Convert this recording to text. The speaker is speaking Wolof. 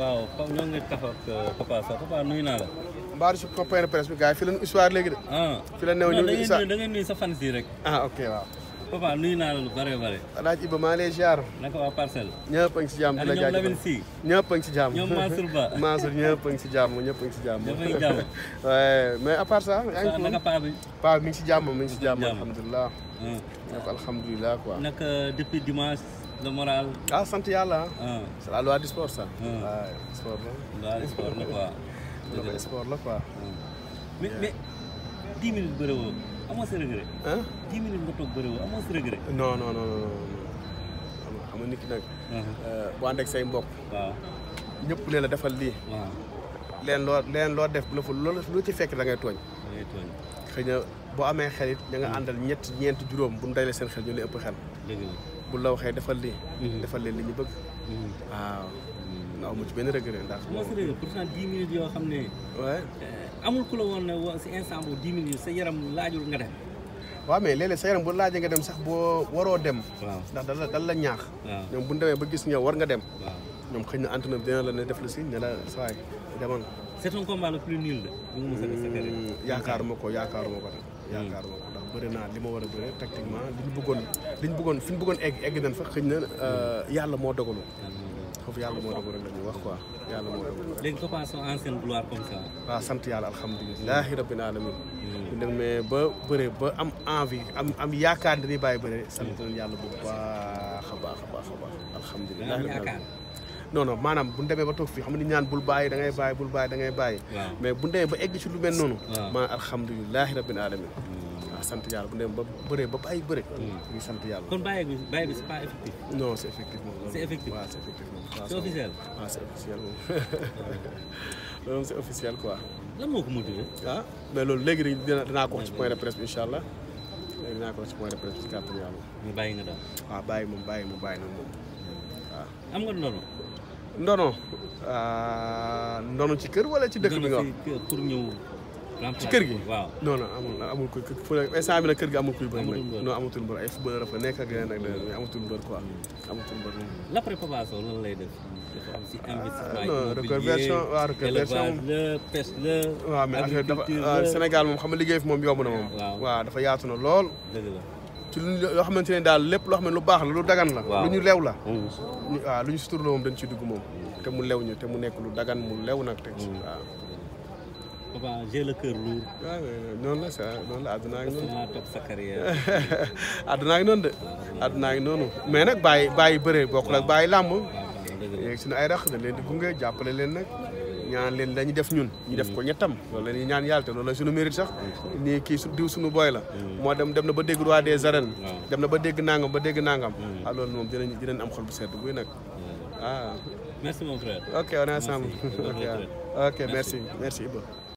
waaw ñoo ngi tax ak euh, Papa Sow Papa nuyu naa la. Mbaaru si point de presse bi gars histoire léegi de. Ah. fi la néew nuyu sa fan si rek. ah ok waaw. Papa nuyu naa la lu bare bare. Alaaji Iba maa ngi ñëpp a si jàmm di la jaajëfal ñoom Lamine ñëpp a ngi si jàmm ñoom Mansour ñëpp a ngi si jàmm ñëpp a si jàmm. ñëpp a ngi jàmm. mais à ngi naka Paa mi ngi si jàmm mi ngi si jàmm alhamdulilah. naka ah. alhamdulilah quoi. naka the moral ah santi yalla uh. selalu ada sport sa ah. ah, sport la la sport la pa sport la pa ah. mi ya. mi 10 minutes berewo amo sere gere hein 10 minutes motok berewo amo sere gere non non non non am am nit nak euh bo andek say mbok waaw ñepp leela defal li waaw leen loo leen loo def lu lu lu ci fekk da ngay tooñ. xëy na boo amee xelit ñu nga hmm. àndal ñett ñeent juróom bu ñu dajalee seen xel ñu li ëpp xel. bu la waxee defal lii. Hmm. defal leen li ñu bëgg. Hmm. waaw. naaw mucc benn rëgg rek ndax. moo si eh, amul ku si instant boobu dix minutes sa yaram laajul nga dem. waaw mais léeg-léeg sa yaram bu laajee nga dem sax boo waroo dem. waaw ndax ñoom xëy na Antoine dina la ne def la si ne la saa yi demal. c'est un combat le plus nul la. bu mu mos a def yaakaaruma ko yaakaaruma ko tam. yaakaaruma ko ndax bëri naa li ma war a bëri tactiquement li ñu bëggoon li ñu bëggoon fi ñu bëggoon egg egg nañ fa xëy na yàlla moo dogalu. foofu yàlla moo dogalu la ñuy wax quoi yàlla moo dogalu. léegi Papa Sow ancienne gloire comme ça. waaw sant yàlla alhamdulilahi rabbil alamin. ñu demee ba bëre ba am envie am am yaakaar dañuy bàyyi bëre sant nañ yàlla bu baax a baax a baax a baax alhamdulilah. non non maanaam bu demee ba toog fii xam ni ñaan bul bàyyi da ngay bàyyi bul bàyyi da ngay bàyyi. Ya. mais bu demee ba egg ci lu mel noonu. Ya. maa alhamdulilah rabbil alamin. sant yàlla bu demee ba bëree ba bàyyi bëree. ñu sant yàlla. kon bàyyi bi bàyyi bi c' est pas effectif. non c' est effectif moom. c' est effectif waaw c' est effectif moom. c' officiel. waaw c' est officiel moom loolu c' est officiel quoi. lan moo ko mën ah mais loolu léegi rek dina dinaa ko wax ci point de presse bi incha allah ko ci point de presse bi si kattan yàlla. mais nga daal. waaw bàyyi moom bàyyi moom bàyyi noonu moom. waaw. am nga ndono. ndono euh, ndono ci kër wala ci dëkk bi nga wax pour kër gi waaw non non amul ko fu kër gi amul kuy amatul mbër ay footballeur fa nekk ak leneen ak leneen am si ah, investissement non reconversion waaw reconversion euh, Sénégal moom xam nga liggéey fi moom yomb na moom waa dafa yaatu na lool la ci lu yoo xamante ne daal lépp loo xam ne lu baax la lu dagan la lu ñu lew la mm. waaw lu ñu suturloo moom dañ ci dugg moom mm. te mu lew ñu te mu nekk lu dagan mu lew nag te mm. waaw Papa j'ai le cœur lourd. waaw ah, noonu la sa noonu la àdduna ak sa carrière. àdduna ak noonu de. àdduna noonu mais nag bàyyi bàyyi bëree bokk ak bàyyi làmb. léegi suñu ay rax dañ leen di gunge jàppale leen nag ñaan leen lañu def ñun ñu def ko ñettam loolu la ñaan yàlla te loolu la suñu mérite sax mm. nii kii su diw suñu booy la mm. moo dem dem na ba dégg roi des arènes dem na ba dégg nangam ba dégg nangam mm. ah loolu ñu dinañ dinañ am xol bu sedd guy nag ah merci mon frère ok on est ensemble ok merci merci Iba